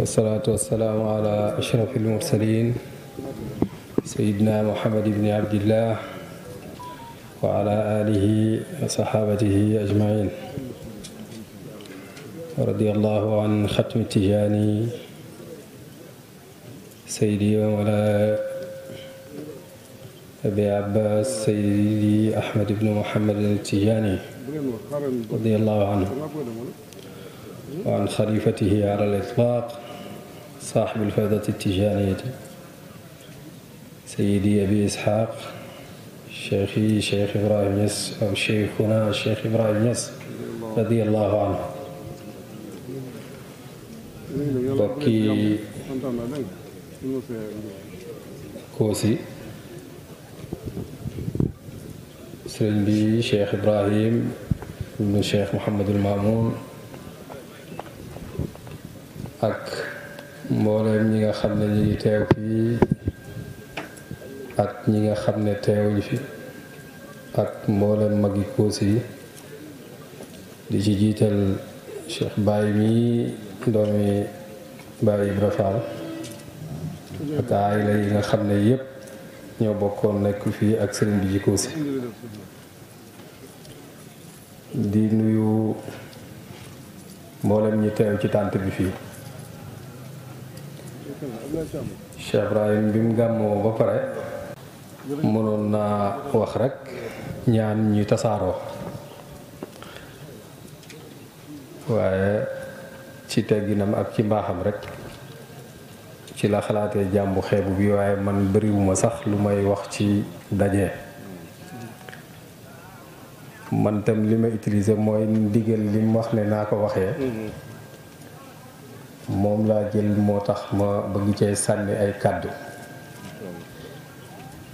wasalaatu wasalaamu ala ashraf almursalin sayidna muhammad ibni abdillah wa ala alihi wa sahabatihi ajmain radiallahu an xatmi tijaani sayidi wa mawla abi abbas sayidi ahmad ibnu muhammad tijaani radiallahu anhu وعن خليفته على الإطلاق صاحب الفائدة التجارية سيدي أبي إسحاق شيخي شيخ إبراهيم يس أو شيخنا الشيخ إبراهيم يس رضي الله عنه بكي كوسي سرين بي شيخ إبراهيم ابن الشيخ محمد المامون ak mbooleem ñi nga xam ne ñu ngi teew fii ak ñi nga xam ne teewuñ fi ak mbooleem magi Kossy yi di ci jiital Cheikh Baye mii doomi Baye Ibra Fall ak ay la yi nga xam ne yépp ñoo bokkoon nekk fii ak sëriñ bi ji Kossy di nuyu mboolem ñi teew ci tànt bi fii Cheikh bi mu gàmmoo ba pare mënoon naa wax rekk ñaan ñu tasaaroo waaye ci tegginam ak ci mbaaxam rekk ci la xalaate jàmbu xeebu bi waaye man bariwuma sax lu may wax ci daje mantam li ma utiliser mooy ndigal li mu wax ne naa ko waxee moom laa jël moo tax ma bëgg cee sànni ay kàddu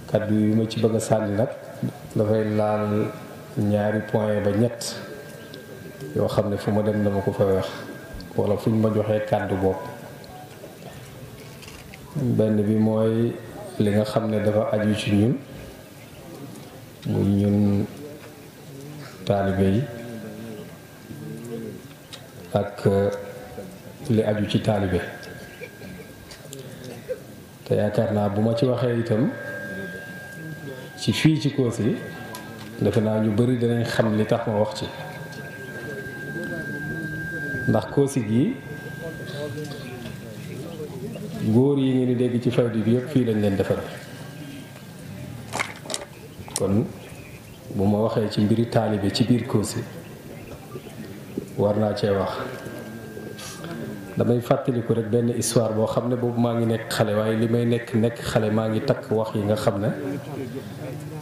kàddu yi ma ci bëgg a sànni nag dafay laal ñaari point ba ñett yoo xam ne fu ma dem dama ko fa wax walla fu ñu ma joxee kàddu bopp benn bi mooy li nga xam ne dafa aju ci ñun muy ñun taalibe yi ak li aju ci taalibe te yaakaar naa bu ma ci waxee itam ci fii ci Kossy defe naa ñu bari dinañ xam ni tax ma wax ci ndax Kossy gi góor yi ngeen di dégg ci faydu bi yépp fii lañ leen defar kon bu ma waxee ci mbiri taalibe ci biir Kossy war naa cee wax damay fàttaliku rek benn histoire boo xam ne boobu maa ngi nekk xale waaye li may nekk nekk xale maa ngi takk wax yi nga xam ne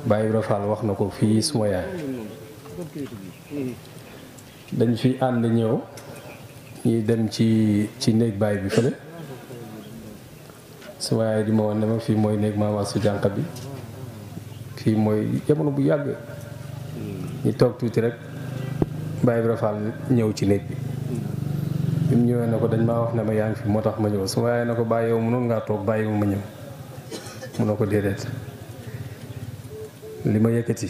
Baye Ibra Fall wax na ko fii suma yaay fi ànd ñëw ñuy dem ci ci néeg baay bi fële di ma wan ne ma fii mooy néeg maama su jànq bi fii mooy jamono bu yàgg ñu toog tuuti rek Baye Ibra Fall ñëw ci néeg bi bi mu ñëwee na ko dañ maa wax ne ma yaa ngi moo tax ma ñëw sama yaay na ko bàyyi yow mënoon ngaa toog bàyyi ma ñëw mu ne ko déedéet li ma yëkkati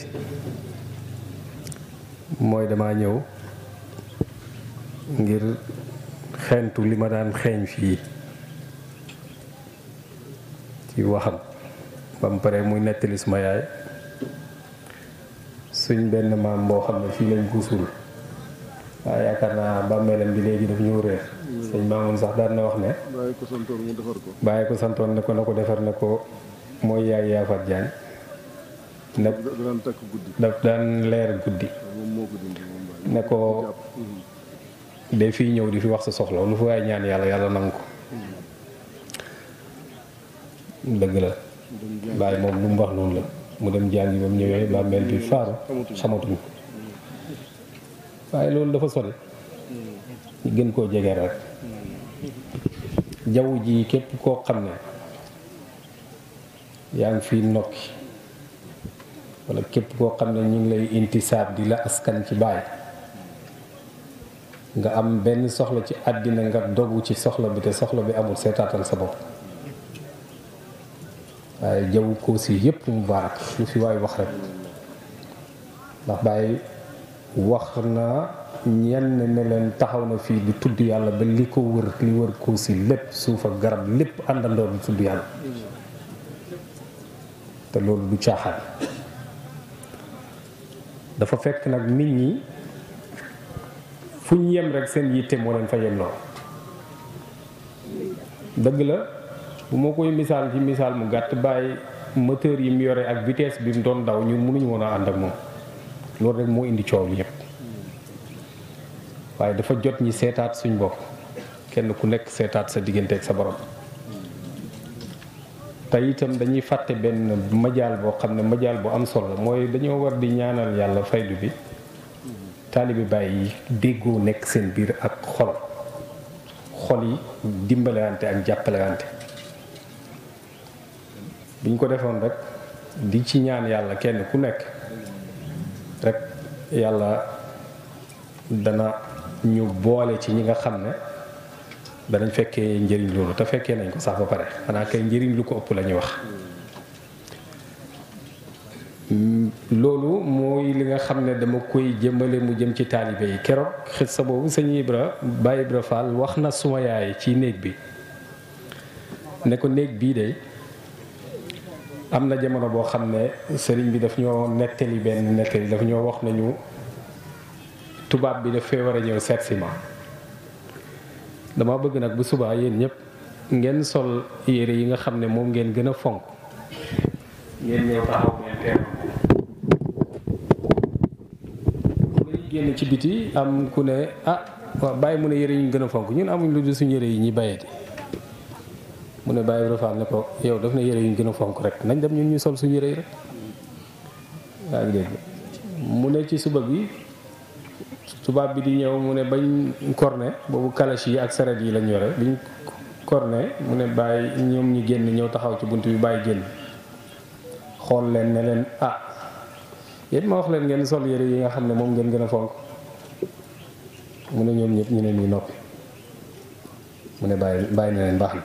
mooy damaa ñëw ngir xeentu li ma daan xeeñ fii ci waxam ba mu pare muy nettali suma yaay suñ benn maam boo xam ne fii lañ ko suul waa yaakaar naa bàmmeelam bi léegi daf ñëw réer sëñ Maamun sax daan na wax ne bàyyi ko santoon ko bàyyi ko santoon ne ko na ko defar ne ko mooy yaay yaafat jaañ nag daan takk guddi daf daan leer guddi ne ko de fii ñëw di fi wax sa soxla lu fa waaye ñaan yàlla yàlla nangu ko mm-hmm. dëgg la bàyyi moom lu mu wax noonu la mu dem jàngi ba mu ñëwee bàmmeel bi faaru xamatuñ waaye loolu dafa sori ñu gën koo jege rek jaww ji képp koo xam ne yaa ngi fi nokki wala képp koo xam ne ñu ngi lay intisaab di la askan ci baay nga am benn soxla ci àddina nga dogu ci soxla bi te soxla bi amul seetaatal sa bopp waaye jaww koo si yépp mu baarak lu fi waay wax rek ndax bàyyi wax naa ñenn ne leen taxaw na fii di tudd yàlla ba li ko wër li wër koo si lépp suuf ak garab lépp àndandoo di tudd yàlla te loolu du caaxaan dafa fekk nag nit ñi fu ñu yem rek seen yitte moo leen fa yemloo dëgg la bu ma koy misaal ci misaal mu gàtt bàyyi moteur yi mu yore ak vitesse bi mu doon daw ñun mënuñu woon a ànd ak moom loolu rek moo indi coow li yëpp waaye dafa jot ñi seetaat suñ bopp kenn ku nekk seetaat sa diggante ak sa borom te itam dañuy fàtte benn majaal boo xam ne majaal bu am solo mooy dañoo war di ñaanal yàlla faydu bi taalibi bàyyi yi déggoo nekk seen biir ak xol xol yi dimbalewante ak jàppalewante buñ ko defoon rek di ci ñaan yàlla kenn ku nekk rek yàlla dana ñu boole ci ñi nga xam ne danañ fekkee njëriñ loolu te fekkee nañ ko sax ba pare xanaa kay njëriñ lu ko ëpp lañuy ñuy wax loolu mooy li nga xam ne dama koy jëmbale mu jëm ci taalibe yi keroog xis sa boobu sëñ Ibra Baye Ibra Fall wax na suma yaay ci néeg bi ne ko néeg bii de am na jamono boo xam ne sëriñ bi daf ñoo nettali benn nettali daf ñoo wax nañu tubaab bi daf fee war a ñëw seet si ma dama bëgg nag bu subaa yéen ñépp ngeen sol yére yi nga xam ne moom ngeen gën a fonk ngeen ñëw génn ci biti am ku ne ah waaw bàyyi mu ne yére yi ñu gën a fonk ñun amuñ lu dul suñu yére yi ñuy bayati mu ne bàyyi Ibra Fall ne ko yow daf na yére yu ñu gën a fonk rek nañ dem ñun ñu sol suñu yére yi rek mu ne ci suba bi tubaab bi di ñëw mu ne bañ corné boobu kalash ak saret yi lañ yore biñ corné mu ne bàyyi ñoom ñu génn ñëw taxaw ci bunt bi bàyyi génn xool leen ne leen ah yéen ma wax leen sol yére yi nga xam ne moom ngeen gën a fonk mu ne ñoom ñëpp ñu ne ñuy noppi mu ne bàyyi bàyyi na leen baax na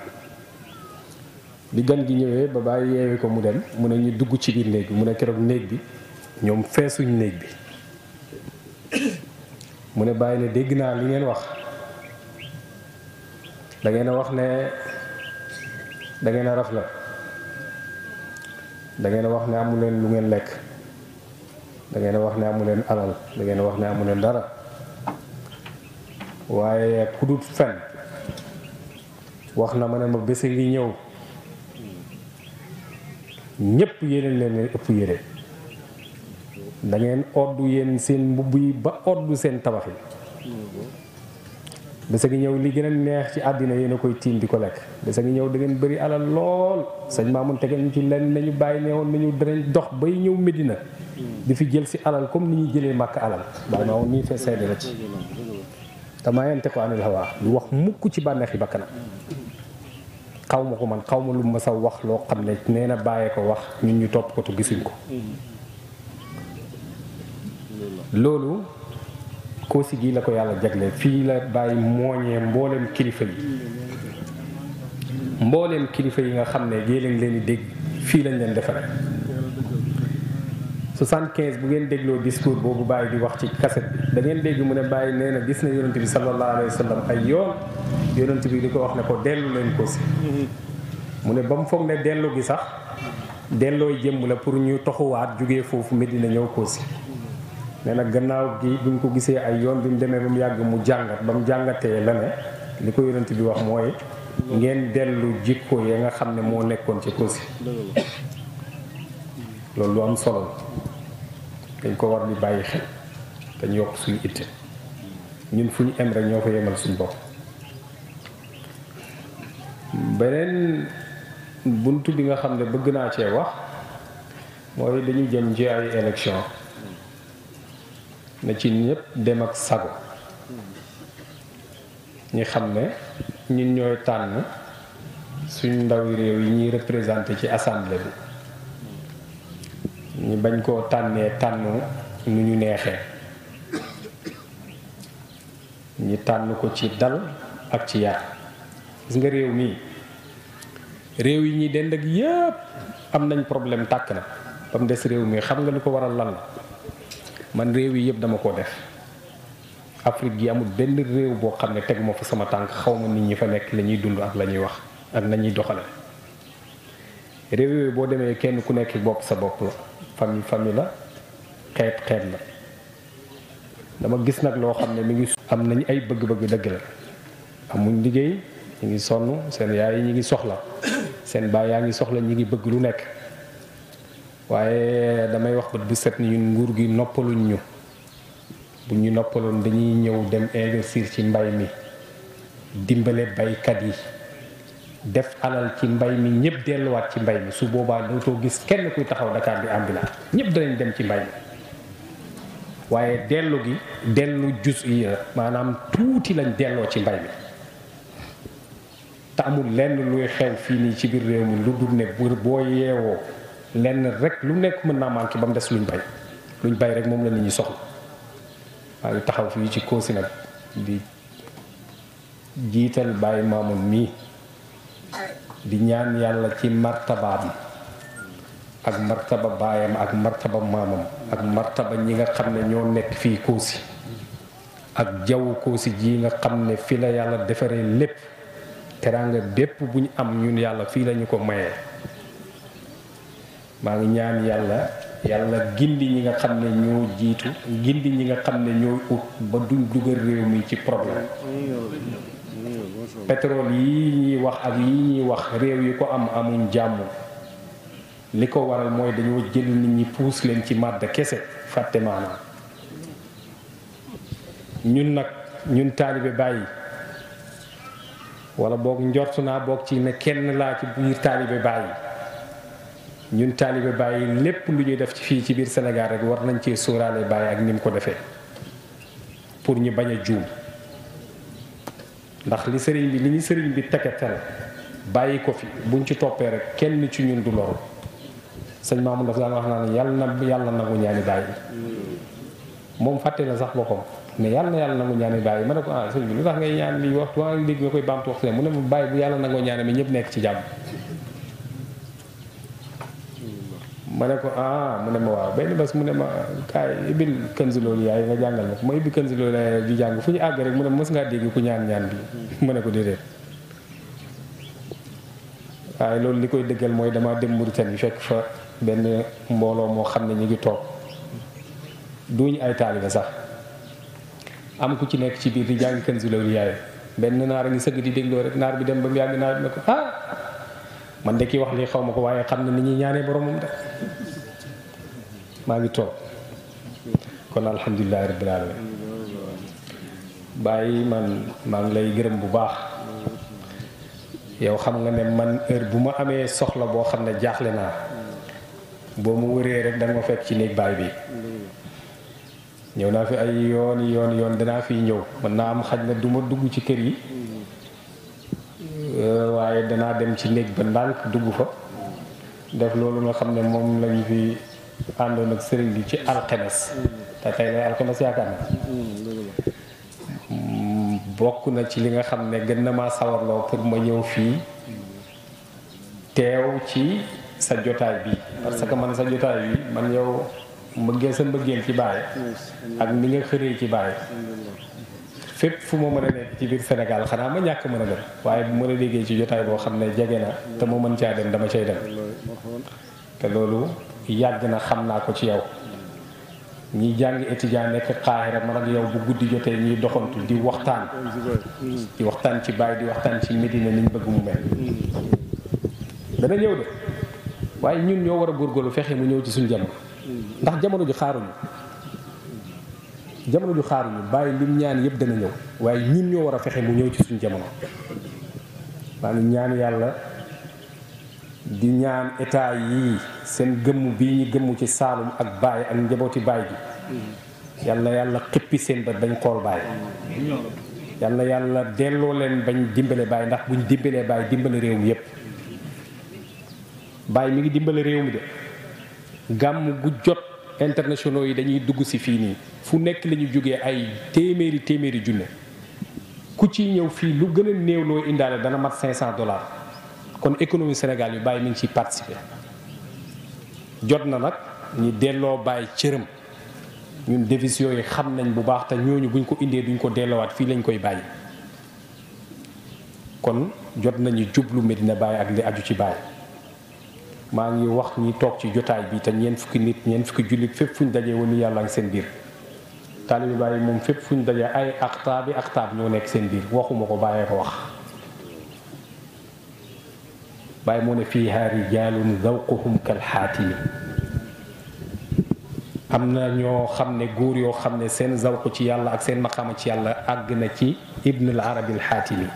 bi gan gi ñëwee ba bàyyi yeewee ko mu dem mu ne ñu dugg ci biir néeg bi mu ne keroog néeg bi ñoom feesuñ néeg bi mu ne bàyyi ne dégg naa li ngeen wax dangeen a wax ne dangeen ngeen a la da wax ne amu leen lu ngeen lekk dangeen wax ne amu leen alal dangeen ngeen a wax ne amu dara waaye ku fen wax na ma ne ma bése ngi ñëw ñépp yéene leen leen ëpp yére da ngeen oddu yéen seen mbubb yi ba oddu seen tabax yi bés a ñëw li gën a neex ci àddina yéen a koy tiim di ko lekk bés a ngi ñëw da ngeen bëri alal lool sëñ Maamun tegeen ci lenn nañu bàyyi ne woon nañu danañ dox bay ñëw Medina di fi jël si alal comme ni ñu jëlee màkk alal bàyyi ma woon nii fee seede la ci te mayante ko anil hawa lu wax mukk ci bànneexi bakkanam xaw ma ko man xaw ma lu ma sa wax loo xam ne nee na bàyyee ko wax ñu ñu topp ko tu gisuñ ko loolu Kossy gii la ko yàlla jagle fii la bàyyi mooñee mbooleem kilifa yi mbooleem kilifa yi nga xam ne yéen leen di dégg fii lañ leen defaree 75 bu ngeen dégloo discours boobu bàyyi di wax ci kaset bi da ngeen dégg mu ne bàyyi nee na gis na yonent bi sallallahu alayhi wa sallam ay yoon yonent bi di ko wax ne ko dellu leen ko si mu ne ba mu foog ne dellu gi sax dellooy jëmm la pour ñu toxuwaat jóge foofu Medina ñëw ko si nee nag gannaaw gi bi ñu ko gisee ay yoon bi mu demee ba mu yàgg mu jàngat ba mu jàngatee la ne li ko yonent bi wax mooy ngeen dellu jikko ya nga xam ne moo nekkoon ci ko si loolu lu am solo dañ ko war di bàyyi xel dañ yokk suñu itte ñun fu ñu em rek ñoo fa yemal suñu bopp beneen bunt bi nga xam ne bëgg naa cee wax mooy dañu jëm ci ay élection na ci ñépp dem ak sago ñi xam ne ñun ñooy tànn suñ ndawi réew yi ñuy représenté ci assemblée bi ñu bañ koo tànnee tànn nu ñu neexee ñu tànn ko ci dal ak ci yar gis nga réew mii réew yi ñuy dend ak yëpp am nañ problème tàkk na ba mu des réew mi xam nga lu ko waral lan la man réew yi yëpp dama koo def Afrique gi amul benn réew boo xam ne tegu ma fa sama tànk xaw ma nit ñi fa nekk lañuy ñuy dund ak la ñuy wax ak nañuy ñuy doxale réew yooyu boo demee kenn ku nekk bopp sa bopp la famille famille la xeet xeet la dama gis nag loo xam ne mi ngi am nañu ay bëgg-bëgg dëgg la amuñ liggéey ñu ngi sonn seen yaay yi ñu ngi soxla seen baay yaa ngi soxla ñi ngi bëgg lu nekk waaye damay wax bët bu set ni ñun nguur gi noppaluñ ñu bu ñu noppaloon dañuy ñëw dem investir ci mbay mi dimbale baykat yi def alal ci mbay mi ñëpp delluwaat ci mbay mi su boobaa dootoo gis kenn kuy taxaw Dakar bi ambulant ñëpp danañ dem ci mbay mi waaye dellu gi dellu jus yi maanaam tuuti lañ delloo ci mbay mi te amul lenn luy xew fii nii ci biir réew mi lu dul ne bu boo yeewoo lenn rek lu nekk mën naa manqué ba mu des luñ bay luñ bay rek moom la nit ñi soxla maa taxaw fii ci Kossy nag di jiital bàyyi maamoon mii di ñaan yàlla ci martabaam ak martaba baayam ak martaba maamam ak martaba ñi nga xam ne ñoo nekk fii Kossy ak jaww Kossy ji nga xam ne fi la yàlla defaree lépp teraanga bépp bu ñu am ñun yàlla fii lañu ko mayee maa ngi ñaan yàlla yàlla gindi ñi nga xam ne ñoo jiitu gindi ñi nga xam ne ñooy ut ba duñ dugal réew mi ci problème pétrole yi ñuy wax ak yi ñuy wax réew yi ko am amuñ jàmm li ko waral mooy dañoo jël nit ñi puus leen ci màdd kese fàtte maanaam ñun nag ñun taalibe bàyyi wala boog njort naa boog ci ne kenn laa ci biir taalibe bàyyi ñun taalibe bàyyi lépp lu ñuy def ci fii ci biir senegal rek war nañ cee sóoraale bàyyi ak ni mu ko defee pour ñi bañ a juum ndax li sëriñ bi li ñu sëriñ bi teketal bàyyi ko fi buñ ci toppee rek kenn ci ñun du loru sëñ Mamoun dafa daan wax naa ne yàlla yàlla nangu ñaani bàyyi moom fàtte na sax boppam ne yàlla na yàlla nangu ñaan yi bàyyi ma ne ko ah sëñ bi lu tax ngay ñaan li waxtu waa ngi dégg nga koy bamtu waxtu mu ne ma bàyyi bu yàlla nangoo ñaan mi ñëpp nekk ma ne ko ah mu ne ma waaw benn bés mu ne ma kaay ibil Kanzu loolu yaay nga jàngal di jàng fu ñu àgg rek mu ne dégg ku ñaan ñaan bi ma ne ko déedéet waaye loolu li koy dëggal mooy damaa dem Mauritanie fekk fa benn mbooloo moo xam ne ñu ngi toog duñu ay taalibe sax am ku ci nekk ci biir di jàng Kanzul Awliyaa benn naar a ngi sëgg di dégloo rek naar bi dem ba mu yàgg naar bi ne ko ah man de kii wax lii xaw ma ko waaye xam na ni ñuy ñaanee boromam de maa ngi toog kon alhamdulilahi rabbil alamin bàyyi man maa ngi lay gërëm bu baax yow xam nga ne man heure bu ma amee soxla boo xam ne jaaxle naa boo mu wëree rek da nga ma fekk ci néeg baay bi ñëw naa fi ay yoon yoon yoon danaa fiy ñëw mën naa am xaj na du ma dugg ci kër yi euh, waaye danaa dem ci néeg ba ndànk dugg fa def loolu nga xam ne moom lañu fi àndoon ak sëriñ bi ci alxemes te tey alxemes yaakaar na bokk na ci li nga xam ne gën na maa sawarloo pour ma ñëw fii teew ci sa jotaay bi parce que man sa jotaay bi man yow mbëggeel sa mbëggeel ci Baye ak ni nga xëree ci Baye fépp fu ma mën a nekk ci biir senegal xanaa ma ñàkk mën a dem waaye bu ma la déggee ci jotaay boo xam ne jege te mu mën caa dem dama cay dem te loolu yàgg na xam naa ko ci yow ñi jàng étudiant nekk Xaahira man ak yow bu guddi jotee ñuy doxantu di waxtaan di waxtaan ci Baye di waxtaan ci Medina niñ bëgg mu mel dana ñëw de waaye ñun ñoo war a góorgóorlu fexe mu ñëw ci suñ jàmm ndax jamono ju xaaruñu jamono ju xaaruñu bàyyi lim ñaan yëpp dana ñëw waaye ñun ñoo war a fexe mu ñëw ci suñu jamono maanaam ñaan yàlla di ñaan état yi seen gëmm bi ñu gëmm ci saalum ak baay ak njabooti baay bi yàlla yàlla xippi seen bët bañ xool baay yàlla yàlla delloo leen bañ dimbale baay ndax buñ dimbalee baay dimbale réew mi yépp baay mi ngi dimbale réew mi de gàmm gu jot internationaux yi dañuy dugg si fii nii fu nekk lañu ñu jógee ay téeméeri téeméeri junne ku ci ñëw fii lu gën a néew loo indaale dana mat 500 dollars kon économie Sénégal yu bàyyi mi ngi ciy participer jot na nag ñi delloo bàyyi cëram ñun devis yooyu xam nañ bu baax te ñooñu buñ ko indee duñ ko delloowaat fii lañ koy bàyyi kon jot nañu jublu Medina Baye ak li aju ci Baye. maa ngi wax ñi toog ci jotaay bi te ñeent fukki nit ñeent fukki jullit fépp fuñ dajee wala yàlla ngi seen biir taalibi bàyyi moom fépp fuñ dajee ay aqtaabi aqtaab ñoo nekk seen biir waxuma ko bàyyee ko wax bàyyi moo ne fiiha rijalun zawquhum kal xaatimi am na ñoo xam ne góor yoo xam ne seen zawq ci yàlla ak seen maqaama ci yàlla àgg na ci ibnul arabi al xaatimi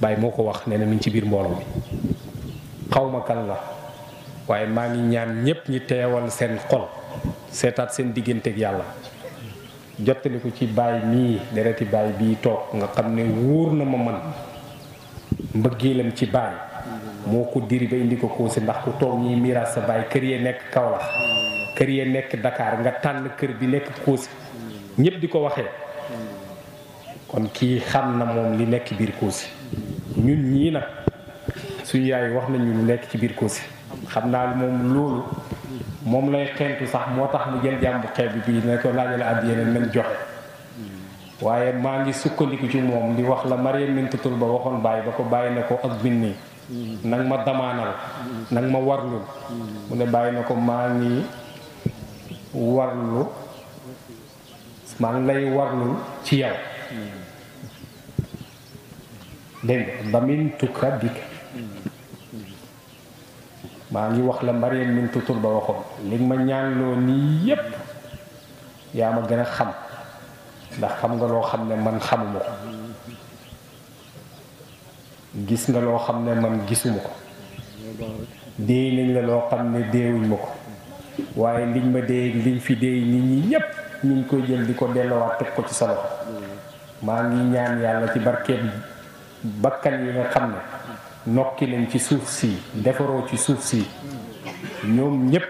bàyyi moo ko wax nee na ci biir mbooloo mi xaw ma la waaye maa ngi ñaan ñépp ñi teewal seen xol seetaat seen digganteeg yàlla jottali ko ci baay mii dereti baay bii toog nga xam ne wóor na ma man mbëggeelam ci baay moo ko diri ba indi ko Kossy ndax ku toog ñuy miiraas sa baay kër yee nekk Kaolack kër yee nekk Dakar nga tànn kër bi nekk Kossy ñépp di ko waxee kon kii xam na moom li nekk biir Kossy ñun ñii nag suñu yaay wax nañu lu nekk ci biir Kossy xam naa moom loolu moom lay xentu sax moo tax mu jël jàmbu xeeb bi bii ne ko laajal àdd yeneen nañ joxe waaye maa ngi sukkandiku ci moom di wax la Mariam mintatul ba waxoon bàyyi ba ko bàyyi na ko ak binni nag ma damaanal nag ma warlul mu ne bàyyi na ko maa ngi warlu maa ngi lay warlul ci yow dégg nga damin tukka dikk maa ngi wax la Maryam min tutur ba waxoon li ma ñaanloo nii yépp yaa ma gën a xam ndax xam nga loo xam ne man xamuma ko gis nga loo xam ne man gisuma ko déey nañ la loo xam ne déewuñ ma ko waaye liñ ma déey liñ fi déey nit ñi ñépp ñu ngi koy jël di ko delluwaat teg ko ci sa loxo maa ngi ñaan yàlla ci barkeeb bakkan yi nga xam ne nokki lañ ci suuf sii defaroo ci suuf si ñoom ñëpp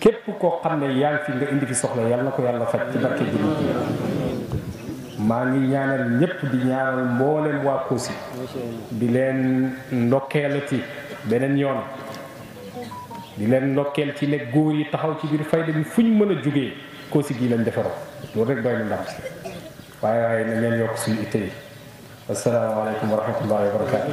képp ko xam ne yaa ngi fi nga indi fi soxla yàlla na ko yàlla faj ci barke bi maa ngi ñaanal ñëpp di ñaanal mbooleem waa Kossy di leen ndokkeelati beneen yoon di leen ndokkeel ci ne góor yi taxaw ci biir fayda bi fu ñu mën a jugee Kossy gii lañ defaroo loolu rek doy na ndam si waaye waaye na ngeen yokk suñu itte yi asalaamaaleykum wa rahmatullahi wa barakatu